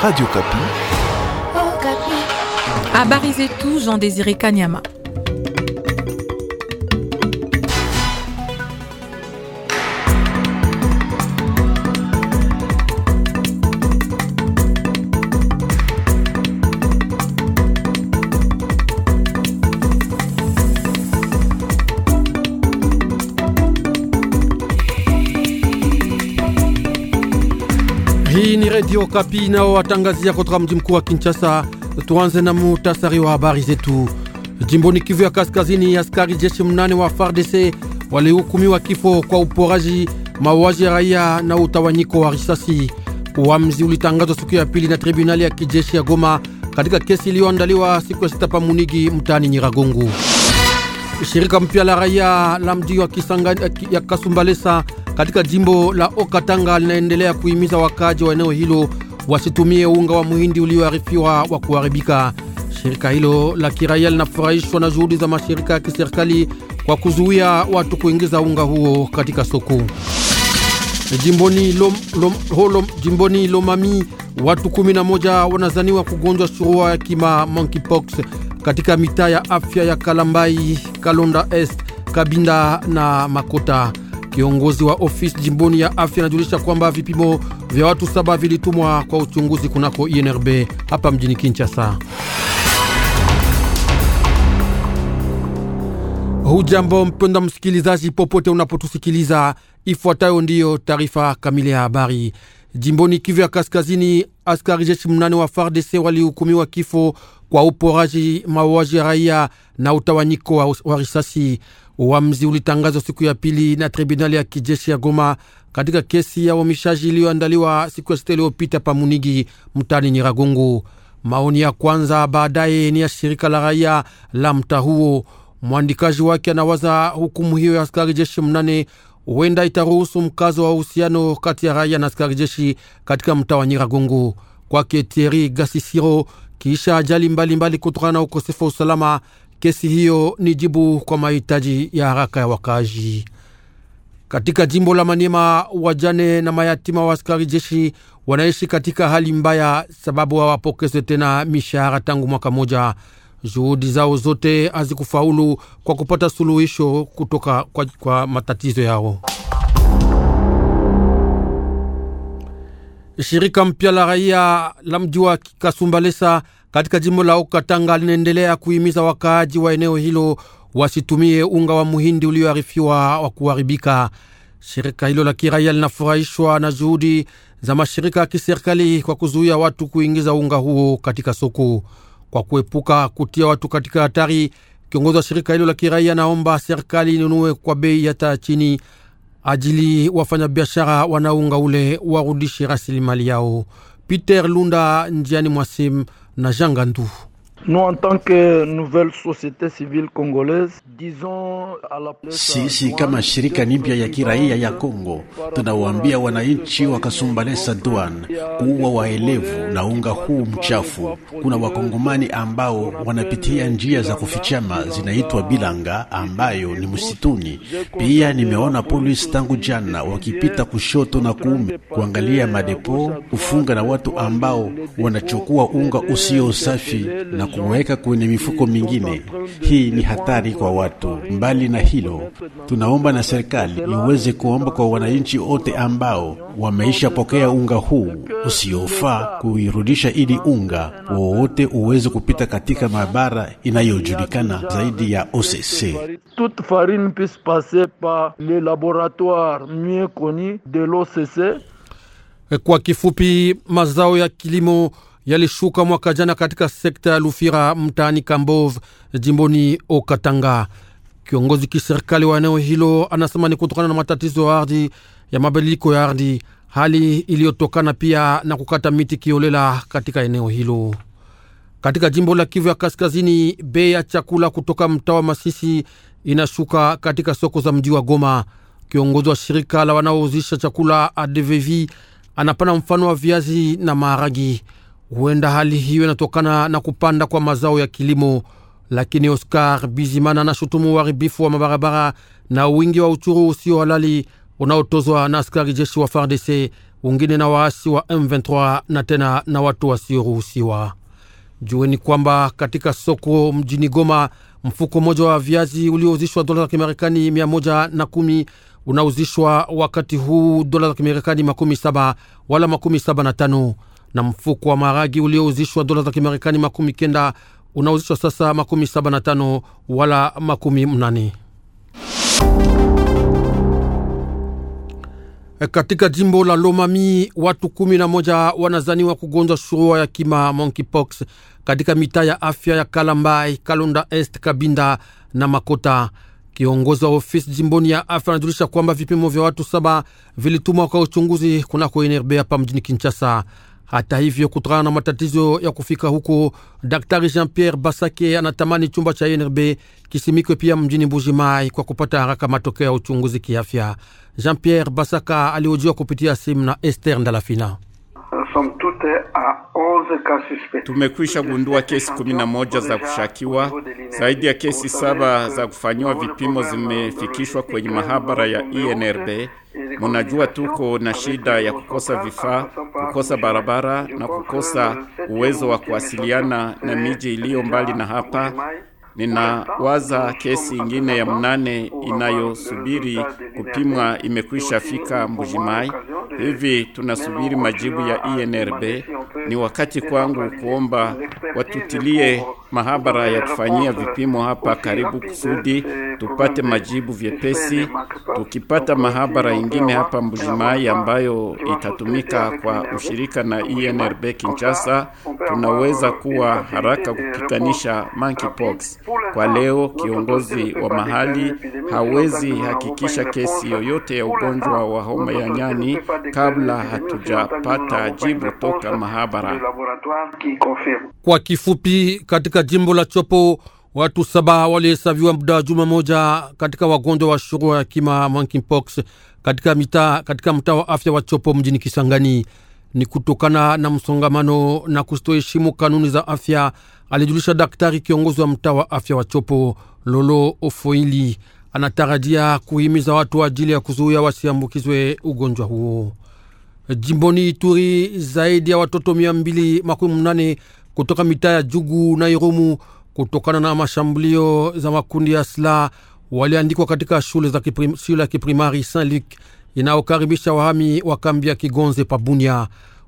Radio Capi. À Barizetou, Jean-Désiré Kanyama. Redio Kapi watangazia kutoka mji mkuu wa Kinshasa. Tuanze na muhtasari wa habari zetu. Jimboni Kivu ya Kaskazini, askari jeshi mnane wa FARDC walihukumiwa kifo kwa uporaji, mauaji ya raia na utawanyiko wa risasi. Uamuzi ulitangazwa siku ya pili na tribunali ya kijeshi ya Goma katika kesi iliyoandaliwa siku ya sita pamunigi mtaani Nyiragongo. Shirika mpya la raia la mji wa Kisangani eh, ya Kasumbalesa katika jimbo la Okatanga linaendelea kuhimiza wakaji wa eneo hilo wasitumie unga wa muhindi ulioharifiwa wa kuharibika. Shirika hilo la kiraia linafurahishwa na juhudi za mashirika ya kiserikali kwa kuzuia watu kuingiza unga huo katika soko. Jimboni, lom, lom, holom, jimboni Lomami watu 11 wanazaniwa kugonjwa shurua ya kima monkeypox katika mitaa ya afya ya Kalambai, Kalonda Est, Kabinda na Makota. Kiongozi wa ofisi jimboni ya afya anajulisha kwamba vipimo vya watu saba vilitumwa kwa uchunguzi kunako INRB hapa mjini Kinshasa. Hujambo mpenda msikilizaji, popote unapotusikiliza, ifuatayo ndiyo taarifa kamili ya habari. Jimboni Kivu ya Kaskazini, askari jeshi mnane wa FARDC walihukumiwa kifo kwa uporaji, mauaji ya raia na utawanyiko wa risasi. Uamuzi ulitangazwa siku ya pili na tribunali ya kijeshi ya Goma katika kesi ya uhamishaji iliyoandaliwa siku ya sita iliyopita Pamunigi mtani Nyiragongo. Maoni ya kwanza baadaye ni ya shirika la raia la mta huo. Mwandikaji wake anawaza hukumu hiyo ya askari jeshi mnane huenda itaruhusu mkazo wa uhusiano kati ya raia na askari jeshi katika mtaa wa Nyiragongo. Kwake Tieri Gasisiro, kiisha ajali mbalimbali kutokana na ukosefu wa usalama Kesi hiyo ni jibu kwa mahitaji ya haraka ya wakaaji katika jimbo la manema Wajane na mayatima wa askari jeshi wanaishi katika hali mbaya, sababu hawapokezwe tena mishahara tangu mwaka moja. Juhudi zao zote hazikufaulu kwa kupata suluhisho kutoka kwa, kwa matatizo yao. Shirika mpya la raia la mji wa Kasumbalesa katika jimbo la Ukatanga linaendelea kuhimiza wakaaji wa eneo hilo wasitumie unga wa muhindi ulioharifiwa wa kuharibika. Shirika hilo la kiraia linafurahishwa na juhudi za mashirika ya kiserikali kwa kuzuia watu kuingiza unga huo katika soko kwa kuepuka kutia watu katika hatari. Kiongozi wa shirika hilo la kiraia naomba serikali inunue kwa bei hata chini ajili wafanyabiashara wanaunga ule warudishe rasilimali yao. Peter Lunda njiani mwasim na Jean Gandu. Nous, en tant que nouvelle société civile congolaise, disons à la place sisi kama shirika nipya ya kiraia ya Kongo, tunawaambia wananchi wa Kasumbalesa Douane kuwa waelevu na unga huu mchafu. Kuna wakongomani ambao wanapitia njia za kufichama zinaitwa bilanga, ambayo ni msituni. Pia nimeona polisi tangu jana wakipita kushoto na kuume kuangalia madepo, kufunga na watu ambao wanachukua unga usio safi na kuweka kwenye mifuko mingine. Hii ni hatari kwa watu. Mbali na hilo, tunaomba na serikali iweze kuomba kwa wananchi wote ambao pokea unga huu usiofaa kuirudisha, ili unga wowote uweze kupita katika mabara inayojulikana zaidi ya OCC. Kwa kifupi, mazao ya kilimo yalishuka mwaka jana katika sekta ya Lufira mtaani Kambov jimboni Okatanga. Kiongozi kiserikali wa eneo hilo anasema ni kutokana na matatizo ya ardhi ya mabadiliko ya ardhi, hali iliyotokana pia na kukata miti kiolela katika eneo hilo. Katika jimbo la Kivu ya Kaskazini, bei ya chakula kutoka mtaa wa Masisi inashuka katika soko za mji wa Goma. Kiongozi wa shirika la wanaouzisha chakula ADVV anapana mfano wa viazi na maharagi. Huenda hali hiyo inatokana na kupanda kwa mazao ya kilimo, lakini Oscar Bizimana anashutumu uharibifu wa mabarabara na wingi wa uchuru usio halali unaotozwa na askari jeshi wa FARDC wengine na waasi wa M23 na tena na watu wasioruhusiwa. Jueni kwamba katika soko mjini Goma, mfuko mmoja wa viazi uliouzishwa dola za Kimarekani mia unauzishwa wakati huu dola za Kimarekani makumi wala na mfuko wa maragi uliouzishwa dola za Kimarekani makumi kenda unauzishwa sasa makumi saba na tano wala makumi mnane. Katika jimbo la Lomami watu kumi na moja wanazaniwa kugonjwa shurua ya kima monkeypox katika mitaa ya afya ya Kalambai, Kalonda Est, Kabinda na Makota. Kiongozi wa ofisi jimboni ya afya anajulisha kwamba vipimo vya watu saba vilitumwa kwa uchunguzi kunako NRB hapa mjini Kinshasa. Hata hivyo, kutokana na matatizo ya kufika huko, Daktari Jean Pierre Basake anatamani chumba cha INRB kisimikwe pia mjini Mbuji Mai kwa kupata haraka matokeo ya uchunguzi kiafya. Jean Pierre Basaka aliojiwa kupitia simu na Esther Ndalafina. Tumekwisha gundua kesi 11 za kushakiwa, zaidi ya kesi saba za kufanyiwa vipimo zimefikishwa kwenye mahabara ya INRB. Mnajua tuko na shida ya kukosa vifaa, kukosa barabara na kukosa uwezo wa kuwasiliana na miji iliyo mbali na hapa. Ninawaza kesi ingine ya mnane inayosubiri kupimwa imekwisha fika Mbujimai. Hivi tunasubiri majibu ya INRB. E Ni wakati kwangu kuomba watutilie mahabara ya kufanyia vipimo hapa karibu kusudi tupate majibu vyepesi. Tukipata mahabara ingine hapa Mbujimai ambayo itatumika kwa ushirika na INRB e Kinshasa, tunaweza kuwa haraka kupitanisha monkeypox. Kwa leo kiongozi wa mahali hawezi hakikisha kesi yoyote ya ugonjwa wa homa ya nyani kabla hatujapata jibu toka mahabara. Kwa kifupi, katika jimbo la Chopo watu saba walihesabiwa muda wa juma moja katika wagonjwa wa shurua ya kima monkeypox katika katika mtaa wa afya wa Chopo mjini Kisangani ni kutokana na msongamano na kustoheshimu kanuni za afya, alijulisha daktari kiongozi wa mtaa wa afya wa Chopo Lolo Ofoili. Anatarajia kuhimiza watu ajili ya kuzuia wasiambukizwe ugonjwa huo. Jimboni Ituri, zaidi ya watoto mia mbili makumi mnane kutoka mitaa ya Jugu na Irumu kutokana na mashambulio za makundi ya silaha waliandikwa katika shule ya kiprimari Saint inayokaribisha wahami wa kambi ya Kigonze pabunia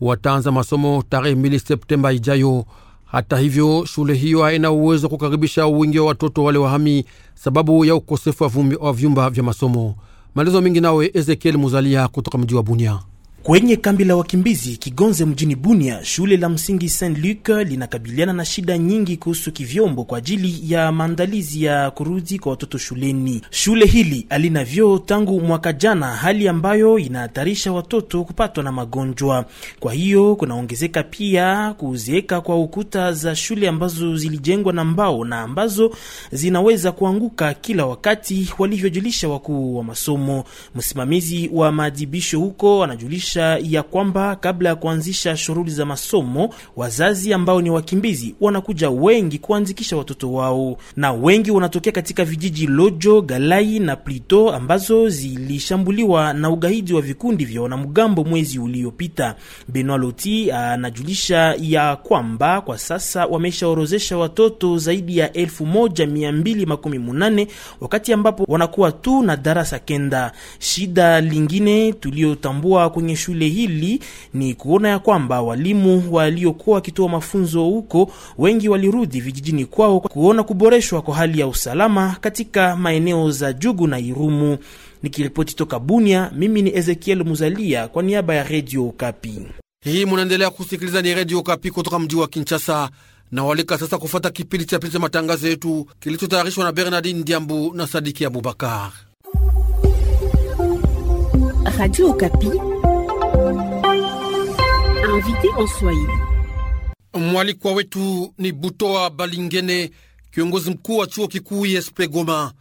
wataanza masomo tarehe mbili Septemba ijayo. Hata hivyo, shule hiyo haina uwezo wa kukaribisha wingi wa watoto wale wahami sababu ya ukosefu wa vyumba vya masomo. Maelezo mingi nawe Ezekiel Muzalia kutoka mji wa Bunia. Kwenye kambi la wakimbizi Kigonze mjini Bunia, shule la msingi Saint Luc linakabiliana na shida nyingi kuhusu kivyombo kwa ajili ya maandalizi ya kurudi kwa watoto shuleni. Shule hili halina vyoo tangu mwaka jana, hali ambayo inahatarisha watoto kupatwa na magonjwa. Kwa hiyo kunaongezeka pia kuzeeka kwa ukuta za shule ambazo zilijengwa na mbao na ambazo zinaweza kuanguka kila wakati, walivyojulisha wakuu wa masomo. Msimamizi wa maadhibisho huko anajulisha kukumbusha ya kwamba kabla ya kuanzisha shughuli za masomo, wazazi ambao ni wakimbizi wanakuja wengi kuanzikisha watoto wao, na wengi wanatokea katika vijiji Lojo, Galai na Plito ambazo zilishambuliwa na ugaidi wa vikundi vya wanamgambo mwezi uliopita. Benoit Loti anajulisha ya kwamba kwa sasa wameshaorozesha watoto zaidi ya 1218 wakati ambapo wanakuwa tu na darasa kenda. Shida lingine tuliyotambua kwenye shule hili ni kuona ya kwamba walimu waliokuwa wakitoa mafunzo huko wengi walirudi vijijini kwao kuona kuboreshwa kwa hali ya usalama katika maeneo za Jugu na Irumu. Nikiripoti toka Bunia, mimi ni Ezekiel Muzalia kwa niaba ya Redio ukapi Hii munaendelea kusikiliza ni Redio ukapi kutoka mji wa Kinshasa na sasa kufata kipindi cha pili cha matangazo yetu kilichotayarishwa na Bernardin Ndiambu na Sadiki Abubakar, invité en Swahili. Mwalikwa wetu ni Butoa Balingene, kiongozi mkuu wa chuo kikuu ISP Goma.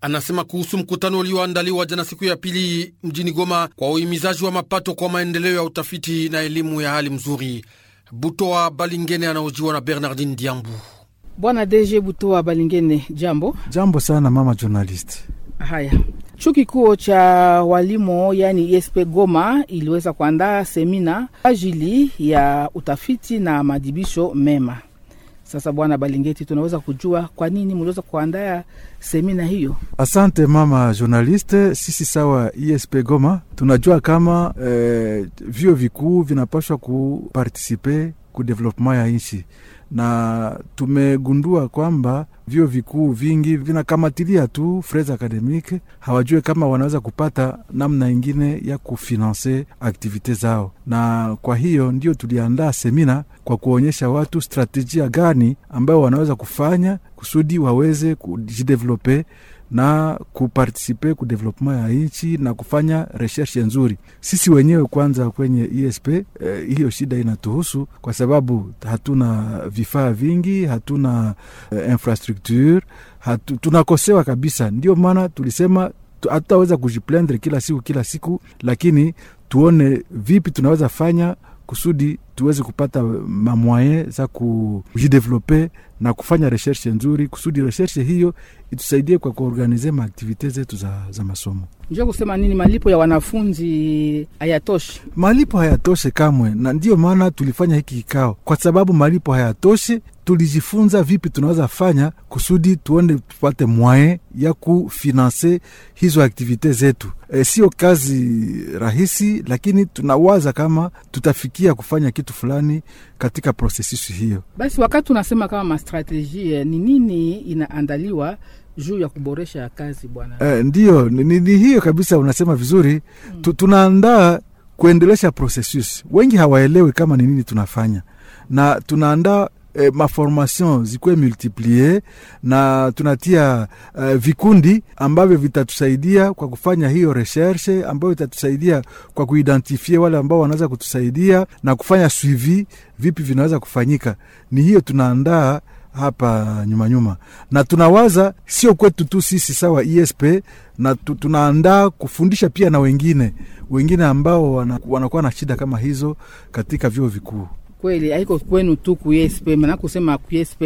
Anasema kuhusu mkutano ulioandaliwa jana siku ya pili mjini Goma kwa uhimizaji wa mapato kwa maendeleo ya utafiti na elimu ya hali mzuri. Butoa Balingene anaojiwa na Bernardine Diambu. Bwana DG Butoa Balingene, jambo. Jambo sana mama journalist. Haya, Chuo kikuu cha walimu yani ESP Goma iliweza kuandaa semina ajili ya utafiti na madibisho mema. Sasa Bwana Balingeti, tunaweza kujua kwa nini mliweza kuandaa semina hiyo? Asante mama journaliste. Sisi sawa esp Goma tunajua kama eh, vyuo vikuu vinapashwa kupartisipe ku development ya nchi na tumegundua kwamba vyuo vikuu vingi vinakamatilia tu frais academique, hawajue kama wanaweza kupata namna ingine ya kufinanse aktivite zao. Na kwa hiyo ndio tuliandaa semina kwa kuonyesha watu strategia gani ambayo wanaweza kufanya kusudi waweze kujidevelope na kupartisipe ku developpement ya nchi na kufanya recherche nzuri sisi wenyewe kwanza kwenye ESP. Eh, hiyo shida inatuhusu kwa sababu hatuna vifaa vingi, hatuna eh, infrastructure hatu, tunakosewa kabisa. Ndio maana tulisema hatutaweza kujiplendre kila siku kila siku, lakini tuone vipi tunaweza fanya kusudi tuweze kupata mamwaye za kujidevelope na kufanya resherche nzuri, kusudi resherche hiyo itusaidie kwa kuorganize maaktivite zetu za, za masomo. Njo kusema nini, malipo ya wanafunzi hayatoshi, malipo hayatoshe kamwe, na ndiyo maana tulifanya hiki kikao, kwa sababu malipo hayatoshi. Tulijifunza vipi tunaweza fanya kusudi tuende tupate mwaye ya kufinanse hizo aktivite zetu. E, sio kazi rahisi, lakini tunawaza kama tutafikia kufanya kitu kitu fulani katika prosesi hiyo. Basi wakati unasema kama mastrategie eh, ni nini inaandaliwa juu ya kuboresha kazi bwana? Eh, ndio ni, ni hiyo kabisa, unasema vizuri mm. Tu, Tunaandaa kuendelesha prosesus Wengi hawaelewi kama ni nini tunafanya, na tunaandaa eh, maformation zikuwe multiplie na tunatia eh, vikundi ambavyo vitatusaidia kwa kufanya hiyo recherche ambayo itatusaidia kwa kuidentifie wale ambao wanaweza kutusaidia na kufanya suivi vipi vinaweza kufanyika. Ni hiyo tunaandaa hapa nyuma nyuma. Na tunawaza sio kwetu tu sisi sawa ESP, na tu, tunaandaa kufundisha pia na wengine wengine ambao wanakuwa na shida kama hizo katika vyuo vikuu kweli haiko kwenu tu kuesp maana kusema kuesp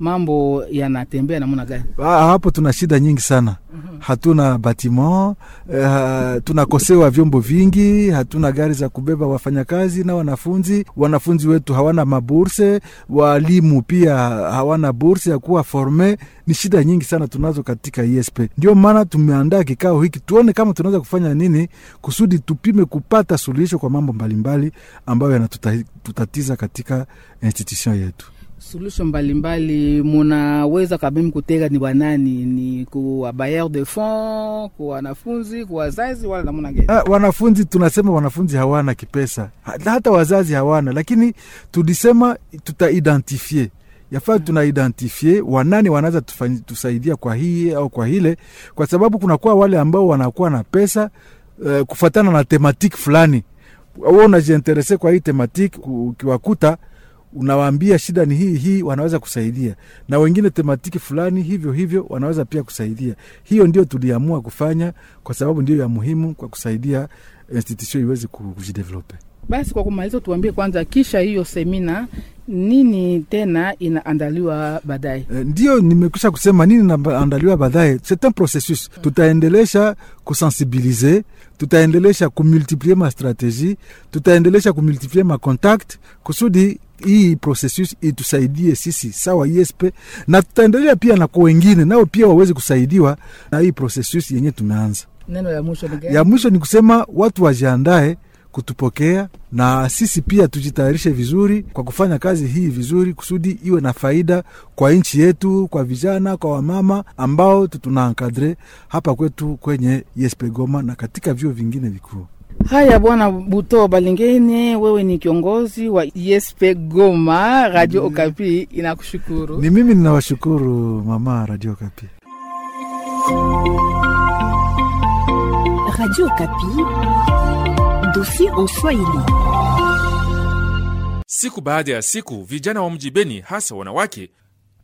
mambo yanatembea namna gani? Ah, hapo tuna shida nyingi sana hatuna batiment uh, eh, tunakosewa vyombo vingi, hatuna gari za kubeba wafanyakazi na wanafunzi. Wanafunzi wetu hawana maburse, walimu pia hawana burse ya kuwa forme. Ni shida nyingi sana tunazo katika ESP, Ndio maana tumeandaa kikao hiki tuone kama tunaweza kufanya nini kusudi tupime kupata suluhisho kwa mambo mbalimbali ambayo yanatutatiza katika institution yetu solution mbalimbali munaweza kabim kutega ni wanani ni kuwa bayer de fond ku wanafunzi ku wazazi wala namuna gani? Ah, wanafunzi tunasema wanafunzi hawana kipesa, hata wazazi hawana, lakini tulisema tutaidentifie yafaa mm. tunaidentifie wanani wanaweza tusaidia kwa hii au kwa hile, kwa sababu kunakuwa wale ambao wanakuwa na pesa uh, eh, kufatana na tematiki fulani wewe unajiinterese kwa hii tematiki, ukiwakuta unawaambia shida ni hii hii, wanaweza kusaidia, na wengine tematiki fulani hivyo hivyo wanaweza pia kusaidia. Hiyo ndio tuliamua kufanya, kwa sababu ndio ya muhimu kwa kusaidia institution iweze kujidevelope. Basi kwa kumaliza, tuambie kwanza, kisha hiyo semina nini tena inaandaliwa baadaye? E, ndio nimekwisha kusema nini inaandaliwa baadaye. C'est un processus, tutaendelesha kusensibilize tutaendelesha kumultiplie mastrateji, tutaendelesha kumultiplie macontact kusudi hii processus itusaidie sisi sawa ISP, na tutaendelea pia na kwa wengine nao pia waweze kusaidiwa na hii processus yenye tumeanza. Neno ya mwisho ni gani? Ya mwisho ni kusema watu wajiandae kutupokea na sisi pia tujitayarishe vizuri kwa kufanya kazi hii vizuri, kusudi iwe na faida kwa nchi yetu, kwa vijana, kwa wamama ambao tunaankadre hapa kwetu kwenye ISP Goma na katika vyuo vingine vikuu. Haya, Bwana Buto Balingene, wewe ni kiongozi wa ISP Goma. Radio Okapi inakushukuru. Ni mimi ninawashukuru mama Radio Okapi. Radio Okapi Dossier en Swahili. Siku baada ya siku, vijana wa mji Beni, hasa wanawake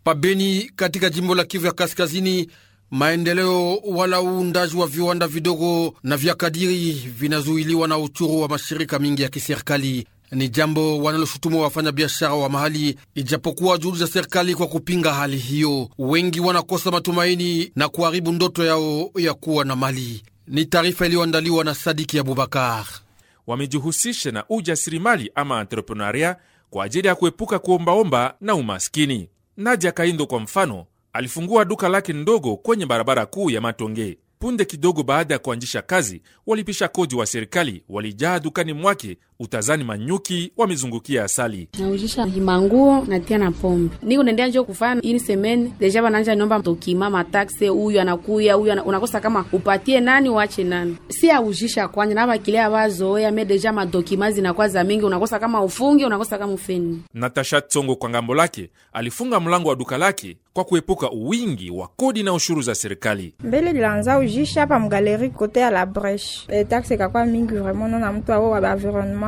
pabeni katika jimbo la Kivu ya Kaskazini, maendeleo wala uundaji wa viwanda vidogo na vya kadiri vinazuiliwa na uchuru wa mashirika mingi ya kiserikali ni jambo wanaloshutumu wafanya biashara wa mahali, ijapokuwa juhudi za serikali kwa kupinga hali hiyo, wengi wanakosa matumaini na kuharibu ndoto yao ya kuwa na mali. Ni taarifa iliyoandaliwa na Sadiki Abubakar wamejihusisha na ujasiriamali ama antreprenaria kwa ajili ya kuepuka kuombaomba na umaskini. Nadia Kaindo kwa mfano, alifungua duka lake ndogo kwenye barabara kuu ya Matonge. Punde kidogo baada ya kuanzisha kazi, walipisha kodi wa serikali walijaa dukani mwake utazani manyuki wamezungukia asali. Naujisha himanguo natia na pombe, niko naendea njo kufanya ini semeni deja, bananja niomba tokima matakse, huyu anakuya huyu unakosa, kama upatie nani uache nani, si aujisha kwanja na bakilea bazoea me deja madokima zinakuwa za mingi, unakosa kama ufungi, unakosa kama ufeni. Natasha Tsongo kwa ngambo lake alifunga mlango wa duka lake kwa kuepuka uwingi wa kodi na ushuru za serikali. Mbele nilianza ujisha hapa mgaleri kote ya la breche e eh, taxe kakwa mingi vraiment na mtu awo wa environnement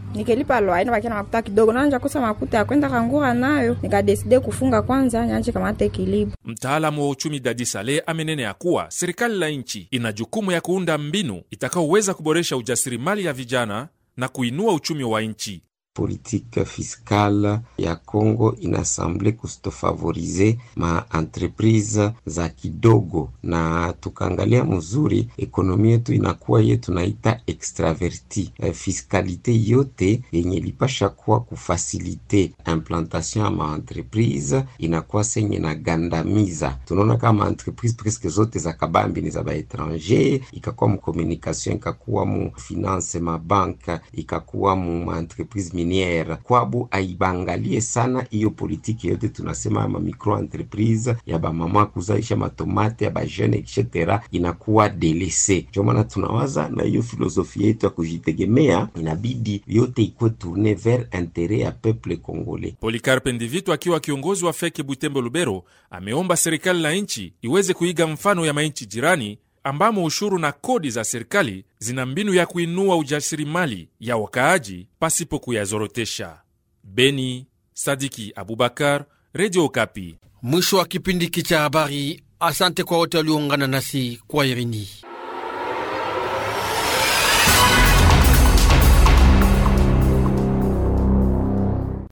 nikelipa lwa ina na makuta kidogo, na nje makuta ya kwenda kangura nayo, nikadeside kufunga kwanza nianje kamata kilibu. Mtaalamu wa uchumi Dadi Sale amenene ya kuwa serikali la nchi ina jukumu ya kuunda mbinu itakaoweza kuboresha ujasiri mali ya vijana na kuinua uchumi wa nchi politique fiscale ya congo inasemble kustofavorize ma entreprise za kidogo, na tukaangalia mzuri ekonomi yetu inakuwa ye tunaita extraverti e, fiskalite yote yenye lipasha kuwa kufasilite implantation ya ma entreprise inakuwa senye na gandamiza. Tunaona kama entreprise presque zote za kabambi ni za baetranger, ikakuwa mu communication, ikakuwa mu finance, mabanka, ikakuwa mu entreprise miniere kwabu aibangalie sana hiyo politiki yote tunasema ama micro entreprise ya bamama kuzalisha matomate ya bajene etc inakuwa delese. Ndio maana tunawaza na hiyo filosofi yetu ya kujitegemea inabidi yote ikuwe tourne vers intere ya peuple congolais. Polikarpe Ndivitu akiwa kiongozi wa feke Butembo Lubero ameomba serikali la nchi iweze kuiga mfano ya mainchi jirani ambamo ushuru na kodi za serikali zina mbinu ya kuinua ujasiriamali ya wakaaji pasipo kuyazorotesha. Beni, Sadiki Abubakar, Redio Kapi. Mwisho wa kipindi hiki cha habari. Asante kwa wote walioungana nasi kwa Irini.